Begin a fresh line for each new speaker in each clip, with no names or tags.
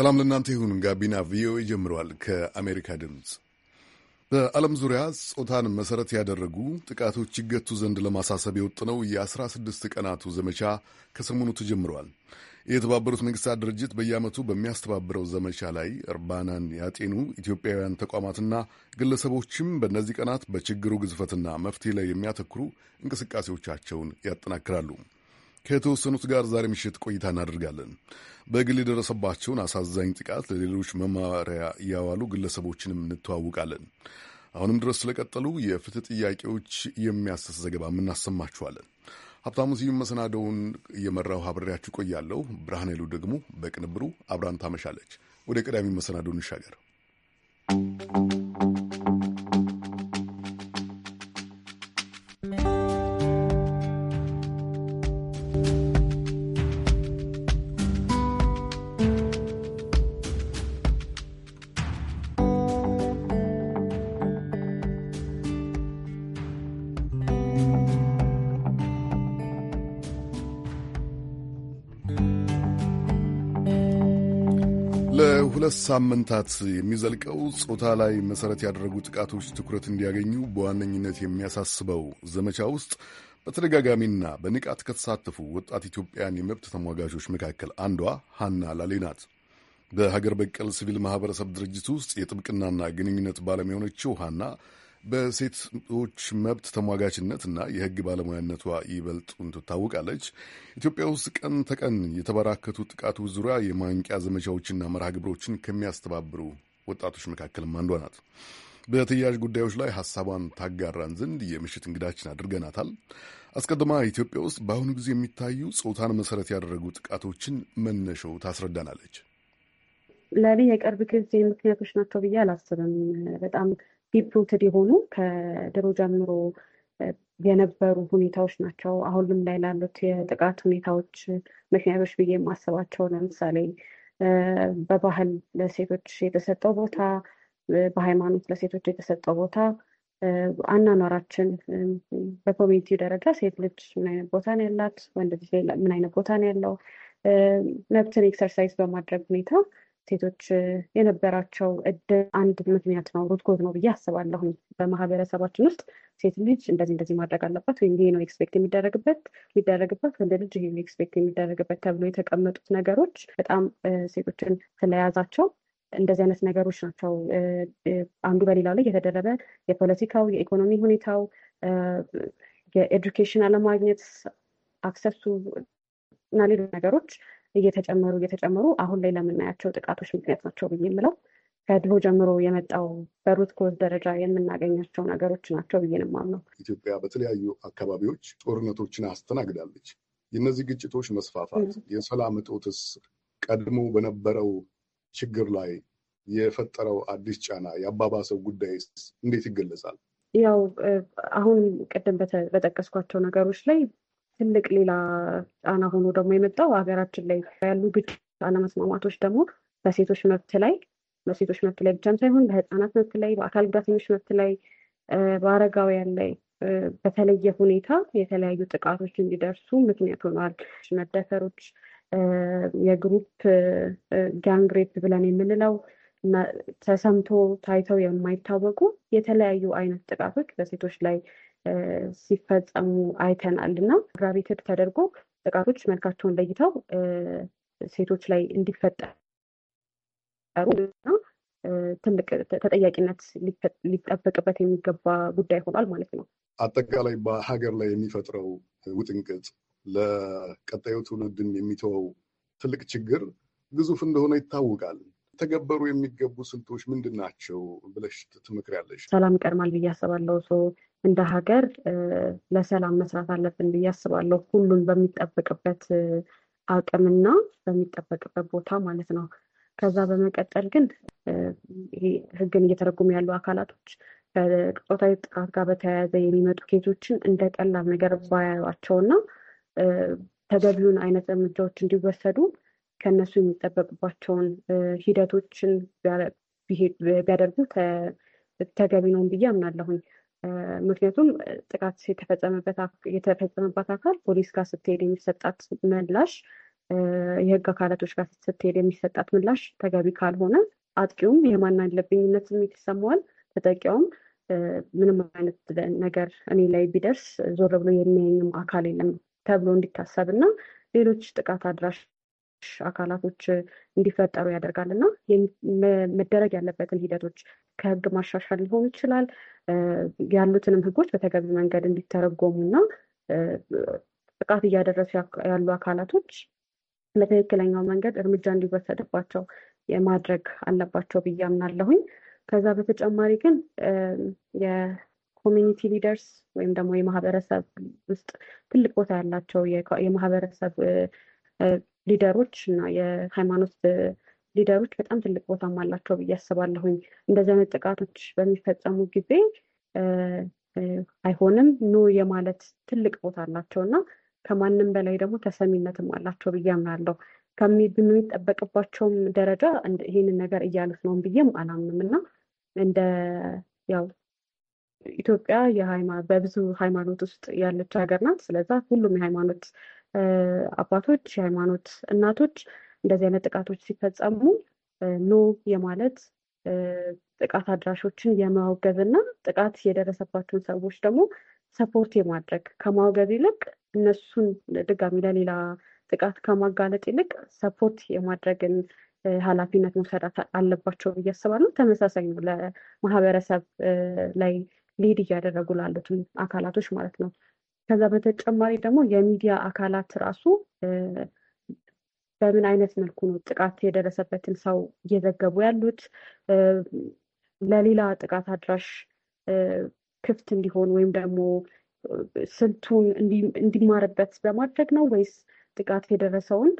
ሰላም ለእናንተ ይሁን። ጋቢና ቪኦኤ ጀምረዋል። ከአሜሪካ ድምፅ በዓለም ዙሪያ ጾታን መሠረት ያደረጉ ጥቃቶች ይገቱ ዘንድ ለማሳሰብ የወጥነው የ16 ቀናቱ ዘመቻ ከሰሞኑ ተጀምረዋል። የተባበሩት መንግስታት ድርጅት በየዓመቱ በሚያስተባብረው ዘመቻ ላይ እርባናን ያጤኑ ኢትዮጵያውያን ተቋማትና ግለሰቦችም በእነዚህ ቀናት በችግሩ ግዝፈትና መፍትሄ ላይ የሚያተኩሩ እንቅስቃሴዎቻቸውን ያጠናክራሉ። ከተወሰኑት ጋር ዛሬ ምሽት ቆይታ እናደርጋለን። በግል የደረሰባቸውን አሳዛኝ ጥቃት ለሌሎች መማሪያ ያዋሉ ግለሰቦችንም እንተዋውቃለን። አሁንም ድረስ ስለቀጠሉ የፍትህ ጥያቄዎች የሚያሰስ ዘገባ እናሰማችኋለን። ሀብታሙ ስዩም መሰናደውን እየመራው አብሬያችሁ ቆያለሁ። ብርሃን ኃይሉ ደግሞ በቅንብሩ አብራን ታመሻለች። ወደ ቀዳሚው መሰናዶ እንሻገር። ለሁለት ሳምንታት የሚዘልቀው ጾታ ላይ መሠረት ያደረጉ ጥቃቶች ትኩረት እንዲያገኙ በዋነኝነት የሚያሳስበው ዘመቻ ውስጥ በተደጋጋሚና በንቃት ከተሳተፉ ወጣት ኢትዮጵያን የመብት ተሟጋቾች መካከል አንዷ ሀና ላሌ ናት። በሀገር በቀል ሲቪል ማኅበረሰብ ድርጅት ውስጥ የጥብቅናና ግንኙነት ባለሙያ የሆነችው ሀና በሴቶች መብት ተሟጋችነትና የሕግ ባለሙያነቷ ይበልጡን ትታወቃለች። ኢትዮጵያ ውስጥ ቀን ተቀን የተበራከቱ ጥቃቱ ዙሪያ የማንቂያ ዘመቻዎችና መርሃ ግብሮችን ከሚያስተባብሩ ወጣቶች መካከልም አንዷ ናት። በተያያዥ ጉዳዮች ላይ ሀሳቧን ታጋራን ዘንድ የምሽት እንግዳችን አድርገናታል። አስቀድማ ኢትዮጵያ ውስጥ በአሁኑ ጊዜ የሚታዩ ጾታን መሰረት ያደረጉ ጥቃቶችን መነሻው ታስረዳናለች።
ለእኔ የቅርብ ጊዜ ምክንያቶች ናቸው ብዬ አላስብም። በጣም ሩትድ የሆኑ ከድሮ ጀምሮ የነበሩ ሁኔታዎች ናቸው። አሁንም ላይ ላሉት የጥቃት ሁኔታዎች ምክንያቶች ብዬ የማስባቸው ለምሳሌ በባህል ለሴቶች የተሰጠው ቦታ፣ በሃይማኖት ለሴቶች የተሰጠው ቦታ፣ አናኗራችን፣ በኮሚኒቲ ደረጃ ሴት ልጅ ምን አይነት ቦታ ነው ያላት፣ ወንድ ልጅ ምን አይነት ቦታ ነው ያለው፣ መብትን ኤክሰርሳይዝ በማድረግ ሁኔታ ሴቶች የነበራቸው እድል አንድ ምክንያት ነው፣ ሩትኮዝ ነው ብዬ አስባለሁ። በማህበረሰባችን ውስጥ ሴት ልጅ እንደዚህ እንደዚህ ማድረግ አለባት ወይም ይሄ ነው ኤክስፔክት የሚደረግበት የሚደረግበት ወንድ ልጅ ይሄ ነው ኤክስፔክት የሚደረግበት ተብሎ የተቀመጡት ነገሮች በጣም ሴቶችን ስለያዛቸው እንደዚህ አይነት ነገሮች ናቸው አንዱ በሌላው ላይ የተደረበ የፖለቲካው፣ የኢኮኖሚ ሁኔታው፣ የኤዱኬሽን አለማግኘት አክሰሱ እና ሌሎች ነገሮች እየተጨመሩ እየተጨመሩ አሁን ላይ ለምናያቸው ጥቃቶች ምክንያት ናቸው ብዬ የምለው ከድሮ ጀምሮ የመጣው በሩት ኮዝ ደረጃ የምናገኛቸው ነገሮች ናቸው ብዬ ነው።
ኢትዮጵያ በተለያዩ አካባቢዎች ጦርነቶችን አስተናግዳለች። የእነዚህ ግጭቶች መስፋፋት የሰላም እጦትስ ቀድሞ በነበረው ችግር ላይ የፈጠረው አዲስ ጫና የአባባሰው ጉዳይስ እንዴት ይገለጻል?
ያው አሁን ቅድም በጠቀስኳቸው ነገሮች ላይ ትልቅ ሌላ ጫና ሆኖ ደግሞ የመጣው ሀገራችን ላይ ያሉ ግጭት አለመስማማቶች ደግሞ በሴቶች መብት ላይ በሴቶች መብት ላይ ብቻም ሳይሆን በህፃናት መብት ላይ፣ በአካል ጉዳተኞች መብት ላይ፣ በአረጋውያን ላይ በተለየ ሁኔታ የተለያዩ ጥቃቶች እንዲደርሱ ምክንያት ሆኗል። መደፈሮች፣ የግሩፕ ጋንግሬፕ ብለን የምንለው ተሰምቶ ታይተው የማይታወቁ የተለያዩ አይነት ጥቃቶች በሴቶች ላይ ሲፈጸሙ አይተናል እና ግራቪቴድ ተደርጎ ጥቃቶች መልካቸውን ለይተው ሴቶች ላይ እንዲፈጠሩ እና ትልቅ ተጠያቂነት ሊጠበቅበት የሚገባ ጉዳይ ሆኗል ማለት ነው።
አጠቃላይ በሀገር ላይ የሚፈጥረው ውጥንቅጥ ለቀጣዩ ትውልድን የሚተወው ትልቅ ችግር ግዙፍ እንደሆነ ይታወቃል። ተገበሩ የሚገቡ ስልቶች ምንድን ናቸው ብለሽ ያለሽ?
ሰላም ይቀድማል ብዬ አስባለሁ። እንደ ሀገር ለሰላም መስራት አለብን ብዬ አስባለሁ። ሁሉን በሚጠበቅበት አቅምና በሚጠበቅበት ቦታ ማለት ነው። ከዛ በመቀጠል ግን ህግን እየተረጉሙ ያሉ አካላቶች ከጾታዊ ጥቃት ጋር በተያያዘ የሚመጡ ኬቶችን እንደ ቀላል ነገር ባያዩአቸውና ተገቢውን አይነት እርምጃዎች እንዲወሰዱ ከእነሱ የሚጠበቅባቸውን ሂደቶችን ቢያደርጉ ተገቢ ነው ብዬ አምናለሁኝ። ምክንያቱም ጥቃት የተፈጸመበት አካል ፖሊስ ጋር ስትሄድ የሚሰጣት ምላሽ የህግ አካላቶች ጋር ስትሄድ የሚሰጣት ምላሽ ተገቢ ካልሆነ አጥቂውም የማን አለብኝነት ስሜት ይሰማዋል። ተጠቂውም ምንም አይነት ነገር እኔ ላይ ቢደርስ ዞር ብሎ የሚያየኝም አካል የለም ተብሎ እንዲታሰብ እና ሌሎች ጥቃት አድራሽ አካላቶች እንዲፈጠሩ ያደርጋል እና መደረግ ያለበትን ሂደቶች ከህግ ማሻሻል ሊሆን ይችላል ያሉትንም ህጎች በተገቢ መንገድ እንዲተረጎሙ እና ጥቃት እያደረሱ ያሉ አካላቶች በትክክለኛው መንገድ እርምጃ እንዲወሰድባቸው ማድረግ አለባቸው ብዬ አምናለሁኝ። ከዛ በተጨማሪ ግን የኮሚኒቲ ሊደርስ ወይም ደግሞ የማህበረሰብ ውስጥ ትልቅ ቦታ ያላቸው የማህበረሰብ ሊደሮች እና የሃይማኖት ሊደሮች በጣም ትልቅ ቦታም አላቸው ብዬ አስባለሁኝ። እንደዚህ አይነት ጥቃቶች በሚፈጸሙ ጊዜ አይሆንም ኖ የማለት ትልቅ ቦታ አላቸው እና ከማንም በላይ ደግሞ ተሰሚነትም አላቸው ብዬ አምናለሁ። ከሚጠበቅባቸውም ደረጃ ይህንን ነገር እያሉት ነው ብዬም አላምንም እና እንደ ያው ኢትዮጵያ በብዙ ሃይማኖት ውስጥ ያለች ሀገር ናት። ስለዛ ሁሉም የሃይማኖት አባቶች፣ የሃይማኖት እናቶች እንደዚህ አይነት ጥቃቶች ሲፈጸሙ ኖ የማለት ጥቃት አድራሾችን የማውገዝ እና ጥቃት የደረሰባቸውን ሰዎች ደግሞ ሰፖርት የማድረግ ከማውገዝ ይልቅ እነሱን ድጋሚ ለሌላ ጥቃት ከማጋለጥ ይልቅ ሰፖርት የማድረግን ኃላፊነት መውሰዳት አለባቸው ብዬ አስባለሁ። ተመሳሳይ ነው ለማህበረሰብ ላይ ሊድ እያደረጉ ላሉትም አካላቶች ማለት ነው። ከዛ በተጨማሪ ደግሞ የሚዲያ አካላት ራሱ በምን አይነት መልኩ ነው ጥቃት የደረሰበትን ሰው እየዘገቡ ያሉት? ለሌላ ጥቃት አድራሽ ክፍት እንዲሆን ወይም ደግሞ ስልቱን እንዲማርበት በማድረግ ነው ወይስ ጥቃት የደረሰውን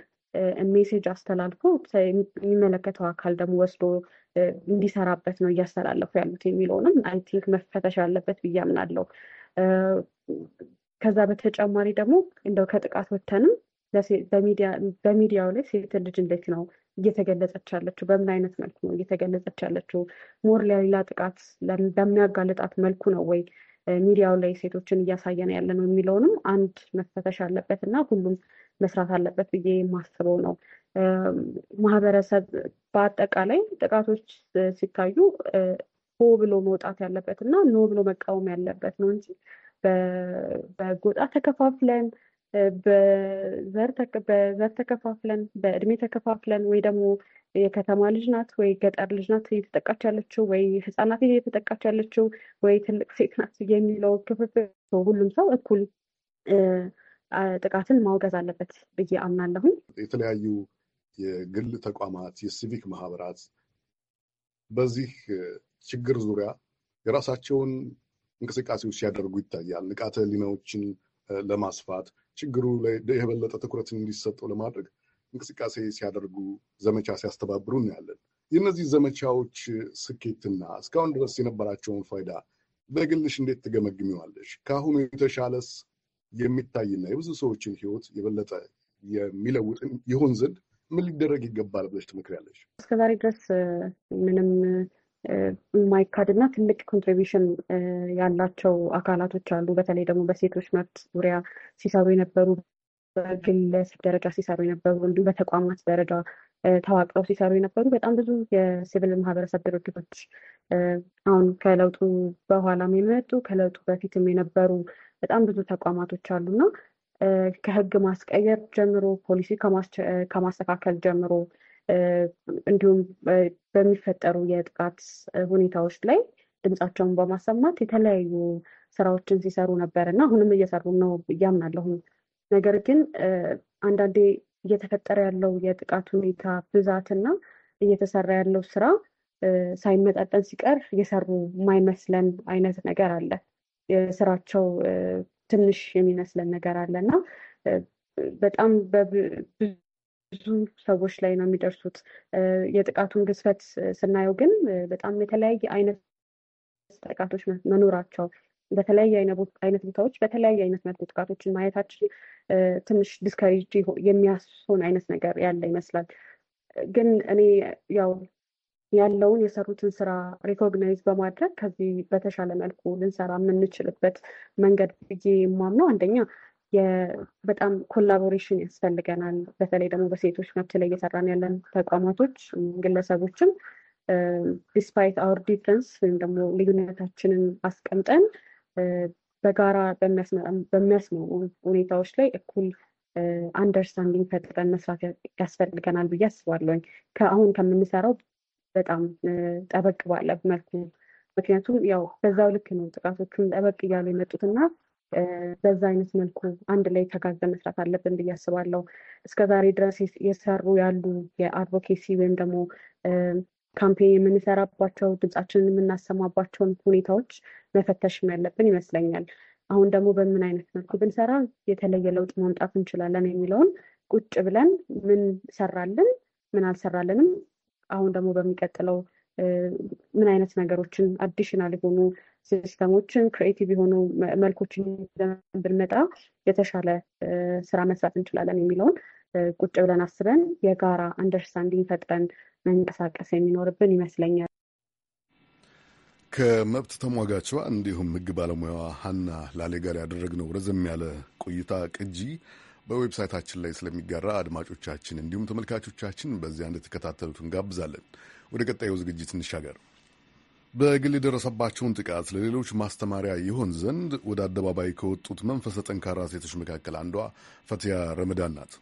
ሜሴጅ አስተላልፎ የሚመለከተው አካል ደግሞ ወስዶ እንዲሰራበት ነው እያስተላለፉ ያሉት የሚለውንም አይ ቲንክ መፈተሽ ያለበት ብዬ አምናለሁ። ከዛ በተጨማሪ ደግሞ እንደው ከጥቃት ወተንም በሚዲያው ላይ ሴት ልጅ እንዴት ነው እየተገለጸች ያለችው? በምን አይነት መልኩ ነው እየተገለጸች ያለችው? ሞር ለሌላ ጥቃት በሚያጋልጣት መልኩ ነው ወይ ሚዲያው ላይ ሴቶችን እያሳየን ያለ ነው የሚለውንም አንድ መፈተሽ አለበት እና ሁሉም መስራት አለበት ብዬ የማስበው ነው። ማህበረሰብ በአጠቃላይ ጥቃቶች ሲታዩ ሆ ብሎ መውጣት ያለበት እና ኖ ብሎ መቃወም ያለበት ነው እንጂ በጎጣ ተከፋፍለን በዘር ተከፋፍለን በእድሜ ተከፋፍለን ወይ ደግሞ የከተማ ልጅ ናት ወይ ገጠር ልጅ ናት እየተጠቃች ያለችው ወይ ህጻናት እየተጠቃች ያለችው ወይ ትልቅ ሴት ናት የሚለው ክፍፍል ሁሉም ሰው እኩል ጥቃትን ማውገዝ አለበት ብዬ አምናለሁኝ።
የተለያዩ የግል ተቋማት፣ የሲቪክ ማህበራት በዚህ ችግር ዙሪያ የራሳቸውን እንቅስቃሴዎች ሲያደርጉ ይታያል። ንቃተ ህሊናዎችን ለማስፋት ችግሩ ላይ የበለጠ ትኩረት እንዲሰጠው ለማድረግ እንቅስቃሴ ሲያደርጉ፣ ዘመቻ ሲያስተባብሩ እናያለን። የእነዚህ ዘመቻዎች ስኬትና እስካሁን ድረስ የነበራቸውን ፋይዳ በግልሽ እንዴት ትገመግሚዋለሽ? ከአሁኑ የተሻለስ የሚታይና የብዙ ሰዎችን ህይወት የበለጠ የሚለውጥ ይሆን ዘንድ ምን ሊደረግ ይገባል ብለሽ ትመክሪያለሽ?
እስከዛሬ ድረስ ምንም እና ትልቅ ኮንትሪቢሽን ያላቸው አካላቶች አሉ። በተለይ ደግሞ በሴቶች መብት ዙሪያ ሲሰሩ የነበሩ፣ በግለሰብ ደረጃ ሲሰሩ የነበሩ እንዲሁም በተቋማት ደረጃ ተዋቅረው ሲሰሩ የነበሩ በጣም ብዙ የሲቪል ማህበረሰብ ድርጅቶች አሁን ከለውጡ በኋላም የመጡ ከለውጡ በፊትም የነበሩ በጣም ብዙ ተቋማቶች እና ከህግ ማስቀየር ጀምሮ ፖሊሲ ከማስተካከል ጀምሮ እንዲሁም በሚፈጠሩ የጥቃት ሁኔታዎች ላይ ድምጻቸውን በማሰማት የተለያዩ ስራዎችን ሲሰሩ ነበር እና አሁንም እየሰሩ ነው እያምናለሁ። ነገር ግን አንዳንዴ እየተፈጠረ ያለው የጥቃት ሁኔታ ብዛትና እየተሰራ ያለው ስራ ሳይመጣጠን ሲቀር እየሰሩ የማይመስለን አይነት ነገር አለ። የስራቸው ትንሽ የሚመስለን ነገር አለ እና በጣም ብዙ ሰዎች ላይ ነው የሚደርሱት። የጥቃቱን ግዝፈት ስናየው ግን በጣም የተለያየ አይነት ጥቃቶች መኖራቸው በተለያየ አይነት ቦታዎች በተለያየ አይነት መልኩ ጥቃቶችን ማየታችን ትንሽ ዲስከሬጅ የሚያስሆን አይነት ነገር ያለ ይመስላል። ግን እኔ ያው ያለውን የሰሩትን ስራ ሪኮግናይዝ በማድረግ ከዚህ በተሻለ መልኩ ልንሰራ የምንችልበት መንገድ ብዬ የማምነው አንደኛ በጣም ኮላቦሬሽን ያስፈልገናል። በተለይ ደግሞ በሴቶች መብት ላይ እየሰራን ያለን ተቋማቶች፣ ግለሰቦችም ዲስፓይት አወር ዲፍረንስ ወይም ደግሞ ልዩነታችንን አስቀምጠን በጋራ በሚያስማሙ ሁኔታዎች ላይ እኩል አንደርስታንዲንግ ፈጥረን መስራት ያስፈልገናል ብዬ አስባለሁኝ። ከአሁን ከምንሰራው በጣም ጠበቅ ባለ መልኩ ምክንያቱም ያው በዛው ልክ ነው ጥቃቶቹም ጠበቅ እያሉ የመጡትና በዛ አይነት መልኩ አንድ ላይ ተጋግዘን መስራት አለብን ብዬ አስባለሁ። እስከ ዛሬ ድረስ የሰሩ ያሉ የአድቮኬሲ ወይም ደግሞ ካምፔን የምንሰራባቸው ድምጻችንን የምናሰማባቸውን ሁኔታዎች መፈተሽም ያለብን ይመስለኛል። አሁን ደግሞ በምን አይነት መልኩ ብንሰራ የተለየ ለውጥ ማምጣት እንችላለን የሚለውን ቁጭ ብለን ምን ሰራልን፣ ምን አልሰራልንም፣ አሁን ደግሞ በሚቀጥለው ምን አይነት ነገሮችን አዲሽናል የሆኑ ሲስተሞችን ክሬቲቭ የሆኑ መልኮችን ብንመጣ የተሻለ ስራ መስራት እንችላለን የሚለውን ቁጭ ብለን አስበን የጋራ አንደርስታንዲንግ ፈጥረን መንቀሳቀስ የሚኖርብን ይመስለኛል።
ከመብት ተሟጋቿ እንዲሁም ሕግ ባለሙያዋ ሀና ላሌ ጋር ያደረግነው ረዘም ያለ ቆይታ ቅጂ በዌብሳይታችን ላይ ስለሚጋራ አድማጮቻችን እንዲሁም ተመልካቾቻችን በዚያ እንደተከታተሉት እንጋብዛለን። ወደ ቀጣዩ ዝግጅት እንሻገር። በግል የደረሰባቸውን ጥቃት ለሌሎች ማስተማሪያ ይሆን ዘንድ ወደ አደባባይ ከወጡት መንፈሰ ጠንካራ ሴቶች መካከል አንዷ ፈትያ ረመዳን ናት።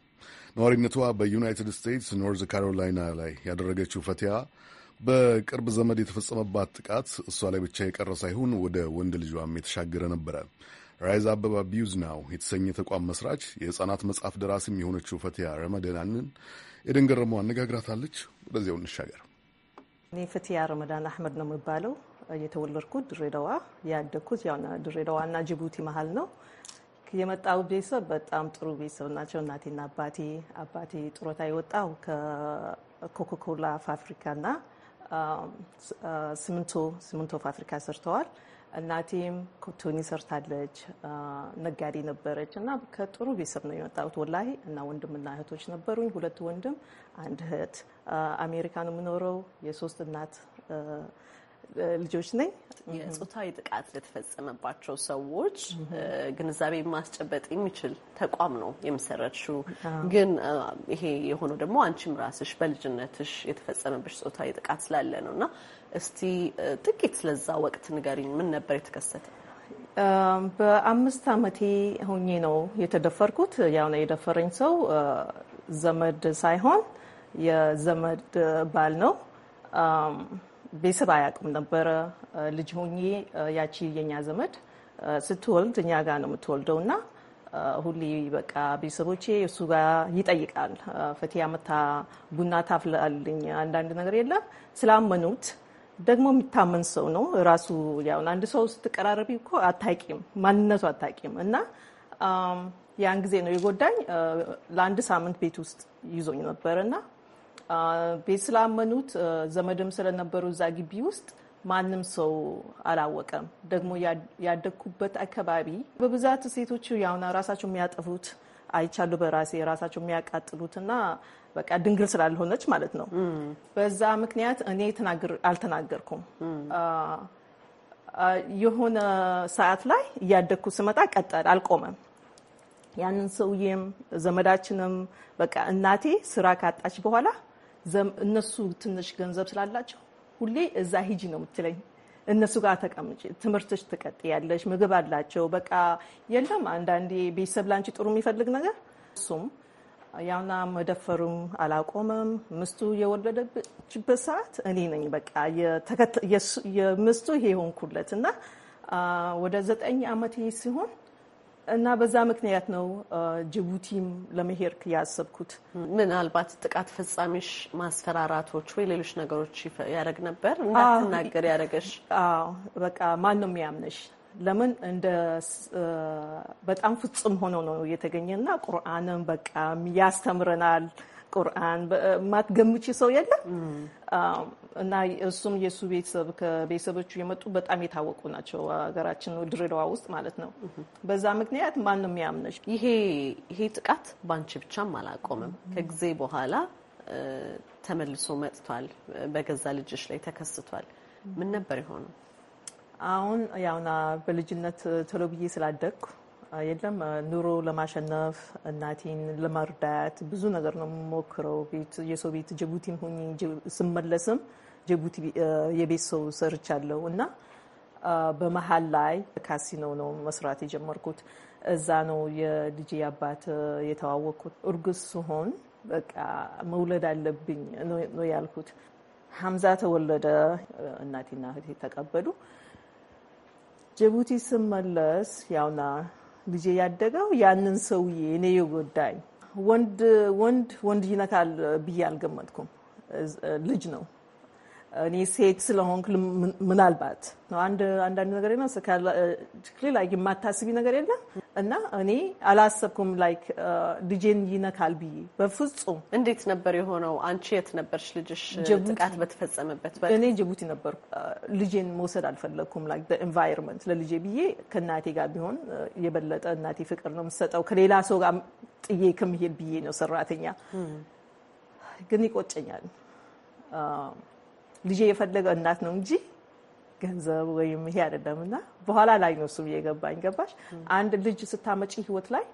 ነዋሪነቷ በዩናይትድ ስቴትስ ኖርዝ ካሮላይና ላይ ያደረገችው ፈትያ በቅርብ ዘመድ የተፈጸመባት ጥቃት እሷ ላይ ብቻ የቀረ ሳይሆን ወደ ወንድ ልጇም የተሻገረ ነበረ። ራይዝ አበባ ቢዩዝ ናው የተሰኘ ተቋም መስራች የህፃናት መጽሐፍ ደራሲም የሆነችው ፈትያ ረመደናንን የደንገረመው አነጋግራታለች። ወደዚያው እንሻገር።
እኔ ፍትያ ረመዳን አህመድ ነው የሚባለው። የተወለድኩት ድሬዳዋ፣ ያደግኩት ድሬዳዋና ጅቡቲ መሀል ነው። የመጣው ቤተሰብ በጣም ጥሩ ቤተሰብ ናቸው። እናቴና አባቴ አባቴ ጡረታ የወጣው ከኮካኮላ ፋብሪካና ሲሚንቶ ፋብሪካ ሰርተዋል። እናቴም ኮቶኒ ሰርታለች፣ ነጋዴ ነበረች እና ከጥሩ ቤተሰብ ነው የመጣሁት ወላሂ። እና ወንድምና እህቶች ነበሩኝ፣ ሁለት ወንድም አንድ እህት። አሜሪካን የምኖረው የሶስት እናት ልጆች ነኝ። የጾታዊ ጥቃት
ለተፈጸመባቸው ሰዎች ግንዛቤ ማስጨበጥ የሚችል ተቋም ነው የምሰረችው። ግን ይሄ የሆነው ደግሞ አንቺም ራስሽ በልጅነትሽ የተፈጸመብሽ ጾታዊ ጥቃት ስላለ ነው እና እስቲ
ጥቂት ስለዛ ወቅት ንገሪኝ። ምን ነበር የተከሰተ? በአምስት አመቴ ሆኜ ነው የተደፈርኩት። ያው የደፈረኝ ሰው ዘመድ ሳይሆን የዘመድ ባል ነው። ቤተሰብ አያውቅም ነበረ። ልጅ ሆኜ ያቺ የኛ ዘመድ ስትወልድ እኛ ጋር ነው የምትወልደው እና ሁሌ በቃ ቤተሰቦቼ እሱ ጋር ይጠይቃል። ፈቲያ መታ ቡና ታፍላልኝ አንዳንድ ነገር የለም ስላመኑት ደግሞ የሚታመን ሰው ነው ራሱ። ያው አንድ ሰው ስትቀራረቢ እኮ አታቂም፣ ማንነቱ አታቂም። እና ያን ጊዜ ነው የጎዳኝ። ለአንድ ሳምንት ቤት ውስጥ ይዞኝ ነበር እና ቤት ስላመኑት ዘመድም ስለነበሩ እዛ ግቢ ውስጥ ማንም ሰው አላወቀም። ደግሞ ያደግኩበት አካባቢ በብዛት ሴቶች ያውና ራሳቸው የሚያጠፉት አይቻሉ በራሴ ራሳቸው የሚያቃጥሉትና በቃ ድንግል ስላልሆነች ማለት ነው። በዛ ምክንያት እኔ አልተናገርኩም። የሆነ ሰዓት ላይ እያደግኩ ስመጣ ቀጠል አልቆመም። ያንን ሰውዬም ዘመዳችንም በቃ እናቴ ስራ ካጣች በኋላ እነሱ ትንሽ ገንዘብ ስላላቸው ሁሌ እዛ ሂጂ ነው የምትለኝ። እነሱ ጋር ተቀምጭ፣ ትምህርትሽ ትቀጥያለሽ። ምግብ አላቸው። በቃ የለም አንዳንዴ ቤተሰብ ላንቺ ጥሩ የሚፈልግ ነገር እሱም ያውና መደፈሩም አላቆመም። ምስቱ የወለደችበት ሰዓት እኔ ነኝ በቃ የምስቱ ይሄ ሆንኩለት እና ወደ ዘጠኝ ዓመት ሲሆን እና በዛ ምክንያት ነው ጅቡቲም ለመሄድ ያሰብኩት። ምናልባት
ጥቃት ፈጻሚሽ ማስፈራራቶች ወይ ሌሎች ነገሮች ያደረግ ነበር እንዳትናገር ያደረገሽ?
በቃ ማን ነው የሚያምነሽ? ለምን እንደ በጣም ፍጹም ሆኖ ነው የተገኘ የተገኘና ቁርአንም በቃ ያስተምረናል ቁርአን ማትገምች ሰው የለም እና እሱም የእሱ ቤተሰብ ከቤተሰቦቹ የመጡ በጣም የታወቁ ናቸው። ሀገራችን ድሬዳዋ ውስጥ ማለት ነው። በዛ ምክንያት ማንም ያምነች ይሄ ይሄ ጥቃት ባንቺ ብቻም አላቆምም ከጊዜ በኋላ
ተመልሶ መጥቷል። በገዛ ልጆች ላይ ተከስቷል። ምን ነበር የሆነው?
አሁን ያውና በልጅነት ቶሎ ብዬ ስላደግኩ የለም ኑሮ ለማሸነፍ እናቴን ለመርዳት ብዙ ነገር ነው የምሞክረው። የሰው ቤት ጅቡቲም ሁኝ ስመለስም ጅቡቲ የቤት ሰው ሰርቻለሁ እና በመሀል ላይ ካሲኖ ነው መስራት የጀመርኩት። እዛ ነው የልጄ አባት የተዋወቅኩት። እርጉዝ ስሆን በቃ መውለድ አለብኝ ነው ያልኩት። ሀምዛ ተወለደ። እናቴና እህቴ ተቀበሉ። ጅቡቲ ስመለስ ያውና ልጄ ያደገው ያንን ሰውዬ እኔ የጎዳኝ ወንድ ወንድ ወንድ ይነካል ብዬ አልገመትኩም። ልጅ ነው እኔ ሴት ስለሆንክ ምናልባት ነው አንዳንድ ነገር ነው ላይ የማታስቢ ነገር የለም እና እኔ አላሰብኩም ላይክ ልጄን ይነካል ብዬ በፍጹም። እንዴት ነበር የሆነው? አንቺ የት ነበርሽ ልጅሽ ጥቃት በተፈጸመበት? እኔ ጅቡቲ ነበርኩ። ልጄን መውሰድ አልፈለግኩም ላይክ በኤንቫይሮንመንት ለልጄ ብዬ ከእናቴ ጋር ቢሆን የበለጠ እናቴ ፍቅር ነው የምትሰጠው ከሌላ ሰው ጋር ጥዬ ከምሄድ ብዬ ነው ሰራተኛ ግን ይቆጨኛል ልጄ የፈለገ እናት ነው እንጂ ገንዘብ ወይም ይሄ አይደለም። እና በኋላ ላይ ነው እሱም እየገባኝ ገባሽ። አንድ ልጅ ስታመጪ ህይወት ላይ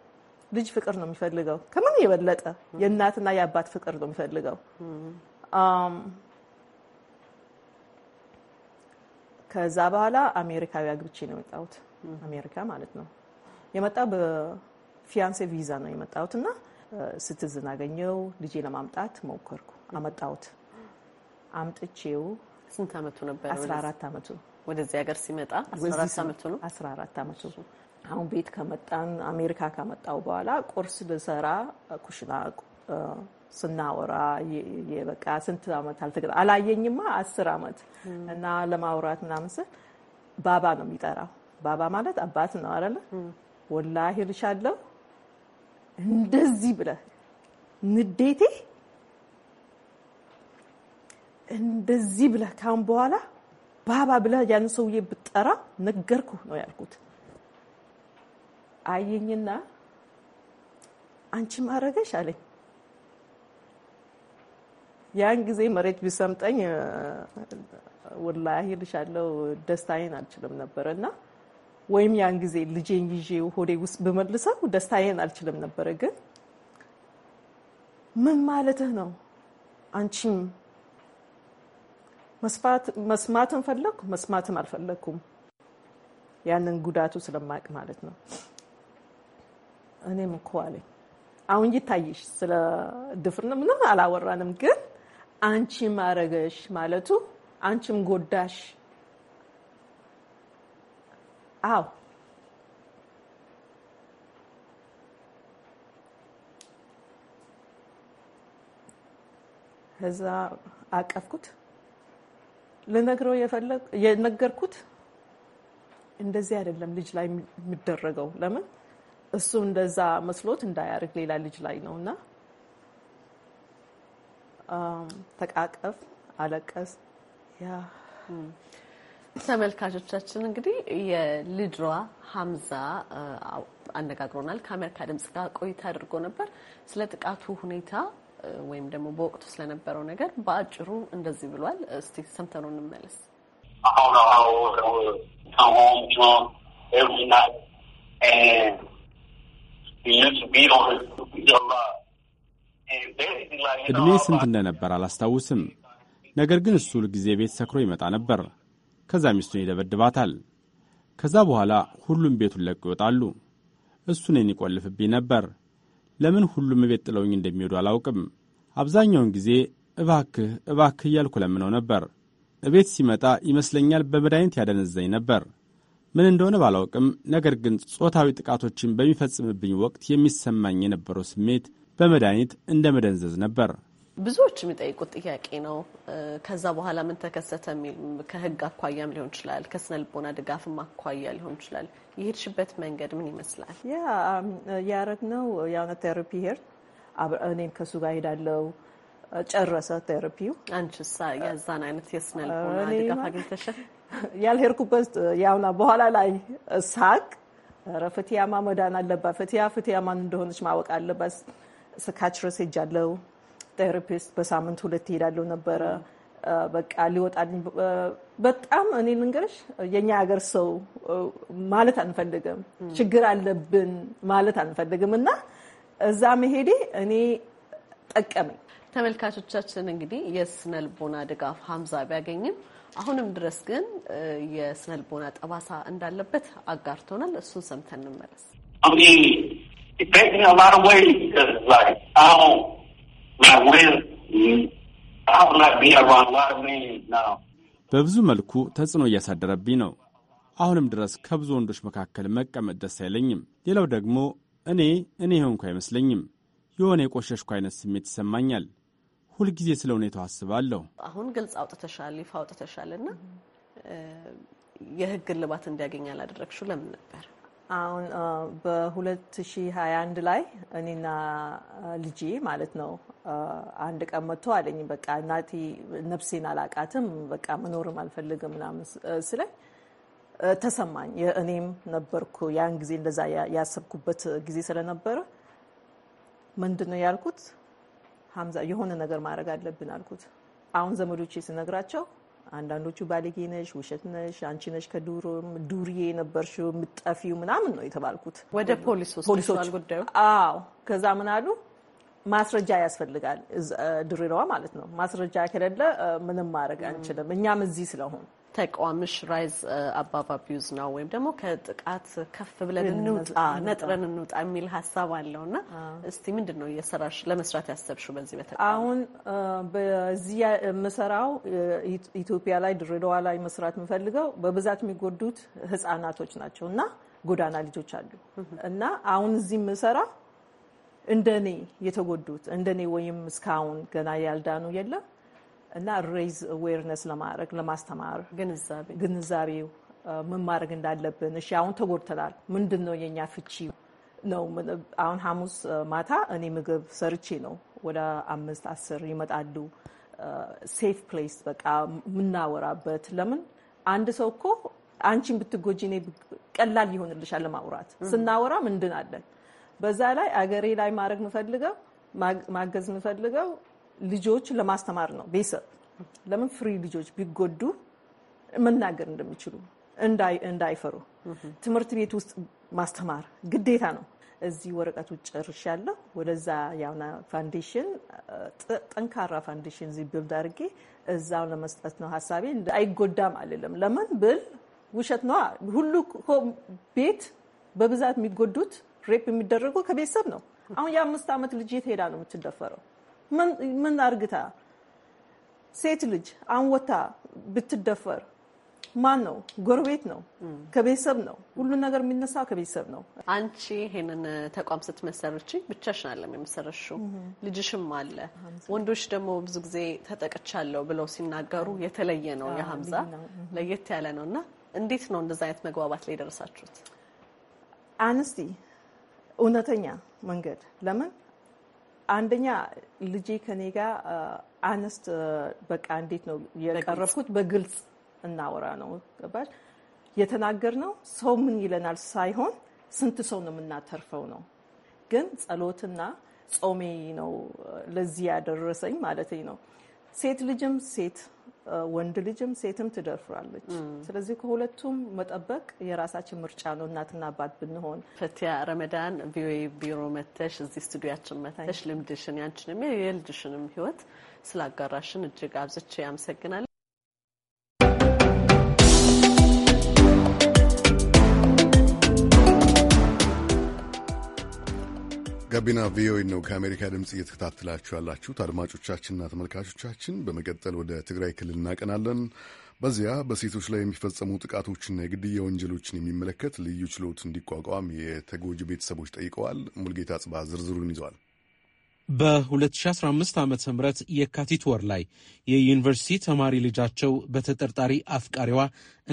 ልጅ ፍቅር ነው የሚፈልገው፣ ከምን የበለጠ የእናትና የአባት ፍቅር ነው የሚፈልገው። ከዛ በኋላ አሜሪካዊ አግብቼ ነው የመጣሁት። አሜሪካ ማለት ነው የመጣው በፊያንሴ ቪዛ ነው የመጣሁት እና ስትዝን አገኘው ልጄ ለማምጣት ሞከርኩ፣ አመጣሁት። አምጥቼው ስንት አመቱ ነበር? አስራ አራት አመቱ ወደዚህ ሀገር ሲመጣ 14 አመቱ ነው። 14 አመቱ አሁን ቤት ከመጣን አሜሪካ ከመጣው በኋላ ቁርስ ብሰራ ኩሽና ስናወራ የበቃ ስንት አመት አልተገ አላየኝማ አስር አመት እና ለማውራት ምናምን ስል ባባ ነው የሚጠራው። ባባ ማለት አባት ነው አይደለ? ወላሂ ልሻለሁ እንደዚህ ብለህ ንዴቴ እንደዚህ ብለህ ካሁን በኋላ ባባ ብለህ ያን ሰውዬ ብጠራ ነገርኩ ነው ያልኩት። አየኝና አንቺ ማረገሽ አለኝ። ያን ጊዜ መሬት ቢሰምጠኝ ወላ ልሻለው ደስታዬን አልችልም ነበር እና ወይም ያን ጊዜ ልጄን ይዤ ሆዴ ውስጥ ብመልሰው ደስታዬን አልችልም ነበረ። ግን ምን ማለትህ ነው አንቺም መስማትም ፈለግኩ መስማትም አልፈለግኩም። ያንን ጉዳቱ ስለማቅ ማለት ነው። እኔም እኮ አለኝ አሁን ይታይሽ ስለ ድፍር ነው ምንም አላወራንም፣ ግን አንቺ ማረገሽ ማለቱ አንቺም ጎዳሽ። አዎ ከዛ አቀፍኩት። ልነግረው የነገርኩት እንደዚህ አይደለም ልጅ ላይ የሚደረገው። ለምን እሱ እንደዛ መስሎት እንዳያርግ ሌላ ልጅ ላይ ነው እና ተቃቀፍ፣ አለቀስ። ያ
ተመልካቾቻችን እንግዲህ የልድሯ ሀምዛ አነጋግሮናል። ከአሜሪካ ድምጽ ጋር ቆይታ አድርጎ ነበር ስለ ጥቃቱ ሁኔታ ወይም ደግሞ በወቅቱ ስለነበረው ነገር በአጭሩ እንደዚህ ብሏል። እስቲ ሰምተነው እንመለስ።
እድሜ ስንት እንደነበር አላስታውስም። ነገር ግን እሱ ሁልጊዜ ቤት ሰክሮ ይመጣ ነበር። ከዛ ሚስቱን ይደበድባታል። ከዛ በኋላ ሁሉም ቤቱን ለቅ ይወጣሉ። እሱን እኔን ይቆልፍብኝ ነበር። ለምን ሁሉም ቤት ጥለውኝ እንደሚሄዱ አላውቅም። አብዛኛውን ጊዜ እባክህ እባክህ እያልኩ ለምነው ነበር። እቤት ሲመጣ ይመስለኛል በመድኃኒት ያደነዘኝ ነበር። ምን እንደሆነ ባላውቅም፣ ነገር ግን ጾታዊ ጥቃቶችን በሚፈጽምብኝ ወቅት የሚሰማኝ የነበረው ስሜት በመድኃኒት እንደ መደንዘዝ ነበር።
ብዙዎች የሚጠይቁት ጥያቄ ነው። ከዛ በኋላ ምን ተከሰተ የሚል ከህግ አኳያም ሊሆን ይችላል፣ ከስነ ልቦና ድጋፍም አኳያ ሊሆን ይችላል። የሄድሽበት መንገድ ምን ይመስላል?
ያ ነው የአሁነ ቴራፒ ሄድ እኔም ከሱ ጋር ሄዳለው ጨረሰ ቴራፒው። አንቺሳ የዛን አይነት የስነ ልቦና ድጋፍ አግኝተሻል? ያልሄድኩበት ያውና በኋላ ላይ ሳቅ ኧረ ፍትያማ መዳን አለባት፣ ፍትያ ፍትያማን እንደሆነች ማወቅ አለባት። ስካችረስ ሄጃለው ቴራፒስት በሳምንት ሁለት ይሄዳለሁ ነበረ። በቃ ሊወጣልኝ በጣም እኔ ልንገርሽ፣ የኛ ሀገር ሰው ማለት አንፈልግም፣ ችግር አለብን ማለት አንፈልግም። እና እዛ መሄዴ እኔ ጠቀመኝ።
ተመልካቾቻችን እንግዲህ የስነልቦና ድጋፍ ሀምዛ ቢያገኝም አሁንም ድረስ ግን የስነልቦና ጠባሳ እንዳለበት አጋርቶናል። እሱን ሰምተን እንመለስ።
በብዙ መልኩ ተጽዕኖ እያሳደረብኝ ነው። አሁንም ድረስ ከብዙ ወንዶች መካከል መቀመጥ ደስ አይለኝም። ሌላው ደግሞ እኔ እኔ የሆንኩ አይመስለኝም። የሆነ የቆሸሽኩ አይነት ስሜት ይሰማኛል። ሁልጊዜ ስለ ሁኔታው አስባለሁ።
አሁን ግልጽ አውጥተሻል፣ ይፋ አውጥተሻል እና
የህግ እልባት እንዲያገኝ አላደረግሽው ለምን ነበር? አሁን በ2021 ላይ እኔና ልጄ ማለት ነው አንድ ቀን መጥቶ አለኝ። በቃ እናቴ ነፍሴን አላቃትም፣ በቃ መኖርም አልፈልግም ምናምን ስለኝ ተሰማኝ። እኔም ነበርኩ ያን ጊዜ እንደዛ ያሰብኩበት ጊዜ ስለነበረ ምንድን ነው ያልኩት፣ ሀምዛ የሆነ ነገር ማድረግ አለብን አልኩት። አሁን ዘመዶቼ ስነግራቸው አንዳንዶቹ ባለጌ ነሽ፣ ውሸት ነሽ፣ አንቺ ነሽ ከዱሮ ዱርዬ የነበርሽው የምጠፊው ምናምን ነው የተባልኩት። ወደ ፖሊሶች ጉዳዩ አዎ። ከዛ ምን አሉ ማስረጃ ያስፈልጋል፣ ድሬዳዋ ማለት ነው። ማስረጃ ከሌለ ምንም ማድረግ አንችልም እኛም እዚህ ስለሆን ተቋምሽ
ራይዝ አባባ አቢዩዝ ነው ወይም ደግሞ ከጥቃት ከፍ ብለን እንውጣ ነጥረን እንውጣ የሚል ሀሳብ አለው እና እስቲ ምንድን ነው እየሰራሽ ለመስራት ያሰብሽው በዚህ በተቋም?
አሁን በዚህ የምሰራው ኢትዮጵያ ላይ ድሬዳዋ ላይ መስራት የምፈልገው በብዛት የሚጎዱት ህጻናቶች ናቸው እና ጎዳና ልጆች አሉ እና አሁን እዚህ የምሰራ እንደኔ የተጎዱት እንደኔ ወይም እስካሁን ገና ያልዳኑ የለም እና ሬይዝ አዌርነስ ለማድረግ ለማስተማር ግንዛቤው ምን ማድረግ እንዳለብን። እሺ አሁን ተጎድተናል፣ ምንድን ነው የእኛ ፍቺ ነው? አሁን ሐሙስ ማታ እኔ ምግብ ሰርቼ ነው ወደ አምስት አስር ይመጣሉ። ሴፍ ፕሌስ በቃ የምናወራበት ለምን አንድ ሰው እኮ አንቺን ብትጎጂ እኔ ቀላል ይሆንልሻል ለማውራት ስናወራ ምንድን አለን። በዛ ላይ አገሬ ላይ ማድረግ ምፈልገው ማገዝ ምፈልገው ልጆች ለማስተማር ነው። ቤተሰብ ለምን ፍሪ ልጆች ቢጎዱ መናገር እንደሚችሉ እንዳይፈሩ ትምህርት ቤት ውስጥ ማስተማር ግዴታ ነው። እዚህ ወረቀቱ ጨርሻለሁ፣ ወደዛ ያውና ፋንዴሽን ጠንካራ ፋንዴሽን እዚህ ቢልድ አድርጌ እዛው ለመስጠት ነው ሀሳቤ። አይጎዳም አልልም። ለምን ብል ውሸት ነዋ። ሁሉ ቤት በብዛት የሚጎዱት ሬፕ የሚደረጉ ከቤተሰብ ነው። አሁን የአምስት ዓመት ልጅ የት ሄዳ ነው የምትደፈረው? ምን አርግታ ሴት ልጅ አንወታ ብትደፈር ማን ነው? ጎረቤት ነው፣ ከቤተሰብ ነው። ሁሉን ነገር የሚነሳ ከቤተሰብ ነው። አንቺ ይሄንን
ተቋም ስትመሰርች ብቻሽን አለም የመሰረችው፣ ልጅሽም አለ። ወንዶች ደግሞ ብዙ ጊዜ ተጠቅቻለሁ ብለው ሲናገሩ የተለየ ነው፣ የሀምዛ ለየት ያለ ነው እና እንዴት ነው እንደዛ አይነት መግባባት ላይ የደረሳችሁት? አንስቲ
እውነተኛ መንገድ ለምን አንደኛ ልጄ ከኔ ጋር አነስት በቃ እንዴት ነው የቀረብኩት፣ በግልጽ እናወራ ነው ገባሽ? የተናገር ነው ሰው ምን ይለናል ሳይሆን ስንት ሰው ነው የምናተርፈው ነው። ግን ጸሎትና ጾሜ ነው ለዚህ ያደረሰኝ ማለት ነው። ሴት ልጅም ሴት ወንድ ልጅም ሴትም ትደፍራለች። ስለዚህ ከሁለቱም መጠበቅ የራሳችን ምርጫ ነው። እናትና አባት ብንሆን። ፈቲያ ረመዳን
ቪኦኤ ቢሮ መተሽ እዚህ ስቱዲያችን መተሽ ልምድሽን ያንችንም የልጅሽንም ህይወት ስላጋራሽን እጅግ አብዝቼ ያመሰግናል።
ጋቢና ቪኦኤ ነው ከአሜሪካ ድምፅ እየተከታተላችሁ ያላችሁት አድማጮቻችንና ተመልካቾቻችን። በመቀጠል ወደ ትግራይ ክልል እናቀናለን። በዚያ በሴቶች ላይ የሚፈጸሙ ጥቃቶችና የግድያ ወንጀሎችን የሚመለከት ልዩ ችሎት እንዲቋቋም የተጎጂ ቤተሰቦች ጠይቀዋል። ሙልጌታ ጽባ ዝርዝሩን ይዘዋል።
በ2015 ዓ ም የካቲት ወር ላይ የዩኒቨርሲቲ ተማሪ ልጃቸው በተጠርጣሪ አፍቃሪዋ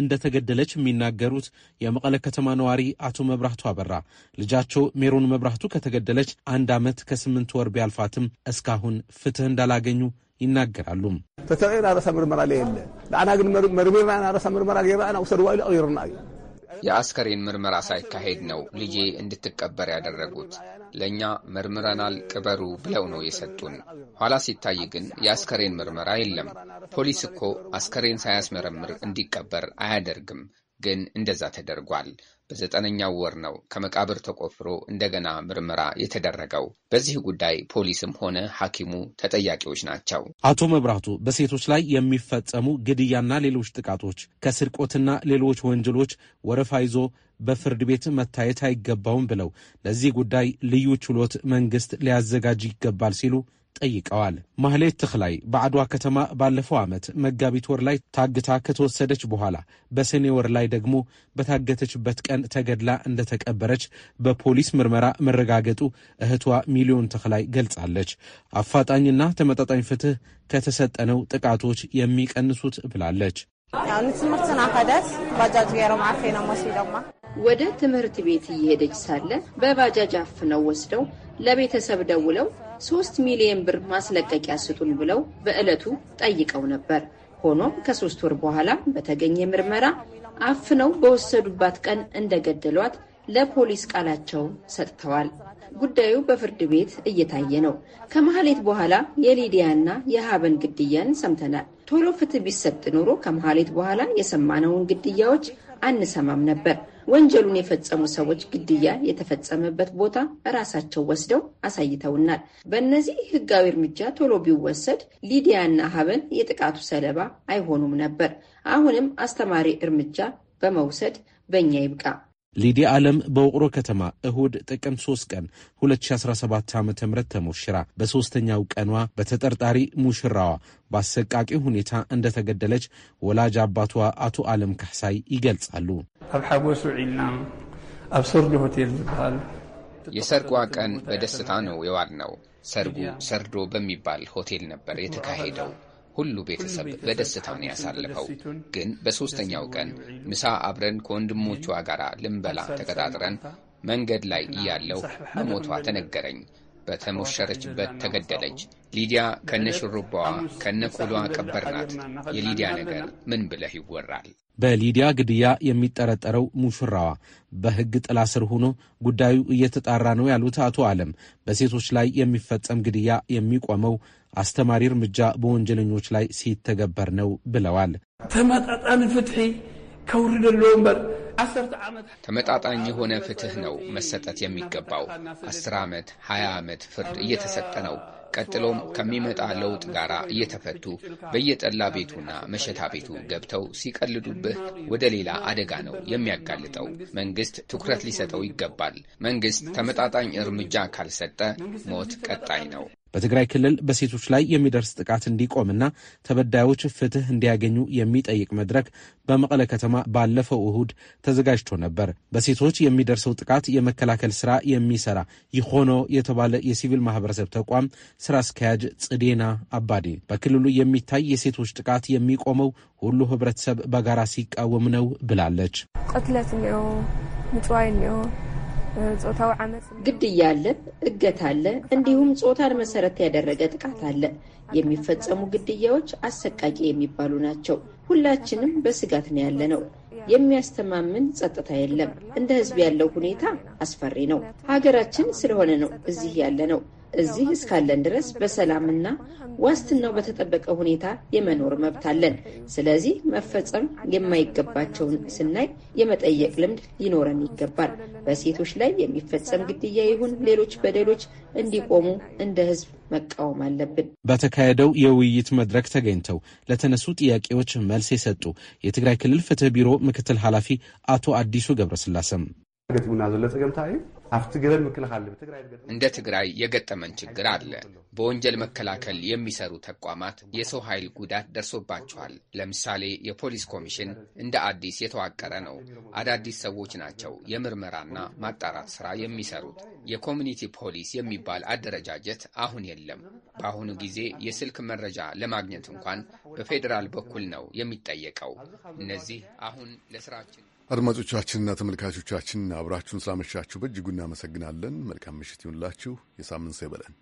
እንደተገደለች የሚናገሩት የመቀለ ከተማ ነዋሪ አቶ መብራህቱ አበራ ልጃቸው ሜሮን መብራህቱ ከተገደለች አንድ ዓመት ከስምንት ወር ቢያልፋትም እስካሁን ፍትህ እንዳላገኙ ይናገራሉ። ተተሪና ረሳ ምርመራ ለየለ ንዓና ግን መርሚርና ረሳ ምርመራ ገይርና ውሰድዋ ኢሉ ቀሪርና እዩ
የአስከሬን ምርመራ ሳይካሄድ ነው ልጄ እንድትቀበር ያደረጉት። ለእኛ መርምረናል ቅበሩ ብለው ነው የሰጡን። ኋላ ሲታይ ግን የአስከሬን ምርመራ የለም። ፖሊስ እኮ አስከሬን ሳያስመረምር እንዲቀበር አያደርግም። ግን እንደዛ ተደርጓል። በዘጠነኛው ወር ነው ከመቃብር ተቆፍሮ እንደገና ምርመራ የተደረገው። በዚህ ጉዳይ ፖሊስም ሆነ ሐኪሙ ተጠያቂዎች ናቸው።
አቶ መብራቱ በሴቶች ላይ የሚፈጸሙ ግድያና ሌሎች ጥቃቶች ከስርቆትና ሌሎች ወንጀሎች ወረፋ ይዞ በፍርድ ቤት መታየት አይገባውም ብለው ለዚህ ጉዳይ ልዩ ችሎት መንግስት ሊያዘጋጅ ይገባል ሲሉ ጠይቀዋል። ማህሌት ተክላይ በአድዋ ከተማ ባለፈው ዓመት መጋቢት ወር ላይ ታግታ ከተወሰደች በኋላ በሰኔ ወር ላይ ደግሞ በታገተችበት ቀን ተገድላ እንደተቀበረች በፖሊስ ምርመራ መረጋገጡ እህቷ ሚሊዮን ተክላይ ገልጻለች። አፋጣኝና ተመጣጣኝ ፍትህ ከተሰጠነው ጥቃቶች የሚቀንሱት ብላለች።
ወደ ትምህርት ቤት እየሄደች ሳለ በባጃጅ አፍነው ወስደው ለቤተሰብ ደውለው ሶስት ሚሊዮን ብር ማስለቀቂያ ስጡን ብለው በዕለቱ ጠይቀው ነበር። ሆኖም ከሶስት ወር በኋላ በተገኘ ምርመራ አፍነው በወሰዱባት ቀን እንደገደሏት ለፖሊስ ቃላቸው ሰጥተዋል። ጉዳዩ በፍርድ ቤት እየታየ ነው። ከመሐሌት በኋላ የሊዲያና የሀበን ግድያን ሰምተናል። ቶሎ ፍትህ ቢሰጥ ኖሮ ከመሐሌት በኋላ የሰማነውን ግድያዎች አንሰማም ነበር። ወንጀሉን የፈጸሙ ሰዎች ግድያ የተፈጸመበት ቦታ ራሳቸው ወስደው አሳይተውናል። በእነዚህ ህጋዊ እርምጃ ቶሎ ቢወሰድ ሊዲያና ሀበን የጥቃቱ ሰለባ አይሆኑም ነበር። አሁንም አስተማሪ እርምጃ በመውሰድ በእኛ ይብቃ።
ሊዲ ዓለም በውቅሮ ከተማ እሁድ ጥቅምት 3 ቀን 2017 ዓ ም ተሞሽራ በሦስተኛው ቀኗ በተጠርጣሪ ሙሽራዋ በአሰቃቂ ሁኔታ እንደተገደለች ወላጅ አባቷ አቶ ዓለም ካሕሳይ ይገልጻሉ።
ኣብ ሓጎሱ ዒልና ኣብ ሰርዶ ሆቴል ዝበሃል የሰርጓ ቀን በደስታ ነው የዋል ነው። ሰርጉ ሰርዶ በሚባል ሆቴል ነበር የተካሄደው። ሁሉ ቤተሰብ በደስታ ነው ያሳለፈው። ግን በሦስተኛው ቀን ምሳ አብረን ከወንድሞቿ ጋር ልንበላ ተቀጣጥረን መንገድ ላይ እያለው መሞቷ ተነገረኝ። በተሞሸረችበት ተገደለች። ሊዲያ ከነሽሩባዋ ከነቆሏ ቀበርናት። የሊዲያ ነገር ምን ብለህ ይወራል?
በሊዲያ ግድያ የሚጠረጠረው ሙሽራዋ በሕግ ጥላ ስር ሆኖ ጉዳዩ እየተጣራ ነው ያሉት አቶ አለም በሴቶች ላይ የሚፈጸም ግድያ የሚቆመው አስተማሪ እርምጃ በወንጀለኞች ላይ ሲተገበር ነው ብለዋል። ተመጣጣኒ ፍትሒ ከውርደሎ እምበር
ተመጣጣኝ የሆነ ፍትህ ነው መሰጠት የሚገባው። አስር ዓመት ሀያ ዓመት ፍርድ እየተሰጠ ነው። ቀጥሎም ከሚመጣ ለውጥ ጋር እየተፈቱ በየጠላ ቤቱና መሸታ ቤቱ ገብተው ሲቀልዱብህ ወደ ሌላ አደጋ ነው የሚያጋልጠው። መንግስት ትኩረት ሊሰጠው ይገባል። መንግስት ተመጣጣኝ እርምጃ ካልሰጠ ሞት ቀጣይ ነው።
በትግራይ ክልል በሴቶች ላይ የሚደርስ ጥቃት እንዲቆምና ተበዳዮች ፍትህ እንዲያገኙ የሚጠይቅ መድረክ በመቀለ ከተማ ባለፈው እሁድ ተዘጋጅቶ ነበር። በሴቶች የሚደርሰው ጥቃት የመከላከል ስራ የሚሰራ ይሆኖ የተባለ የሲቪል ማህበረሰብ ተቋም ስራ አስኪያጅ ጽዴና አባዴ በክልሉ የሚታይ የሴቶች ጥቃት የሚቆመው ሁሉ ህብረተሰብ በጋራ ሲቃወም ነው ብላለች።
ቅትለት እኒኦ ምጽዋይ እኒኦ ጾታዊ ዓመፅ፣ ግድያ አለ፣ እገት አለ፣ እንዲሁም ጾታን መሰረት ያደረገ ጥቃት አለ። የሚፈጸሙ ግድያዎች አሰቃቂ የሚባሉ ናቸው። ሁላችንም በስጋት ነው ያለ ነው። የሚያስተማምን ጸጥታ የለም። እንደ ህዝብ ያለው ሁኔታ አስፈሪ ነው። ሀገራችን ስለሆነ ነው እዚህ ያለ ነው። እዚህ እስካለን ድረስ በሰላምና ዋስትናው በተጠበቀ ሁኔታ የመኖር መብት አለን። ስለዚህ መፈጸም የማይገባቸውን ስናይ የመጠየቅ ልምድ ሊኖረን ይገባል። በሴቶች ላይ የሚፈጸም ግድያ ይሁን ሌሎች በደሎች እንዲቆሙ እንደ ህዝብ መቃወም አለብን።
በተካሄደው የውይይት መድረክ ተገኝተው ለተነሱ ጥያቄዎች መልስ የሰጡ የትግራይ ክልል ፍትህ ቢሮ ምክትል ኃላፊ አቶ አዲሱ ገብረስላሰም እንደ
ትግራይ የገጠመን ችግር አለ። በወንጀል መከላከል የሚሰሩ ተቋማት የሰው ኃይል ጉዳት ደርሶባቸዋል። ለምሳሌ የፖሊስ ኮሚሽን እንደ አዲስ የተዋቀረ ነው። አዳዲስ ሰዎች ናቸው የምርመራና ማጣራት ስራ የሚሰሩት። የኮሚኒቲ ፖሊስ የሚባል አደረጃጀት አሁን የለም። በአሁኑ ጊዜ የስልክ መረጃ ለማግኘት እንኳን በፌዴራል በኩል ነው የሚጠየቀው። እነዚህ አሁን ለስራችን
አድማጮቻችንና ተመልካቾቻችን አብራችሁን ስላመሻችሁ በእጅጉ እናመሰግናለን። መልካም ምሽት ይሁንላችሁ። የሳምንት ሰው ይበለን።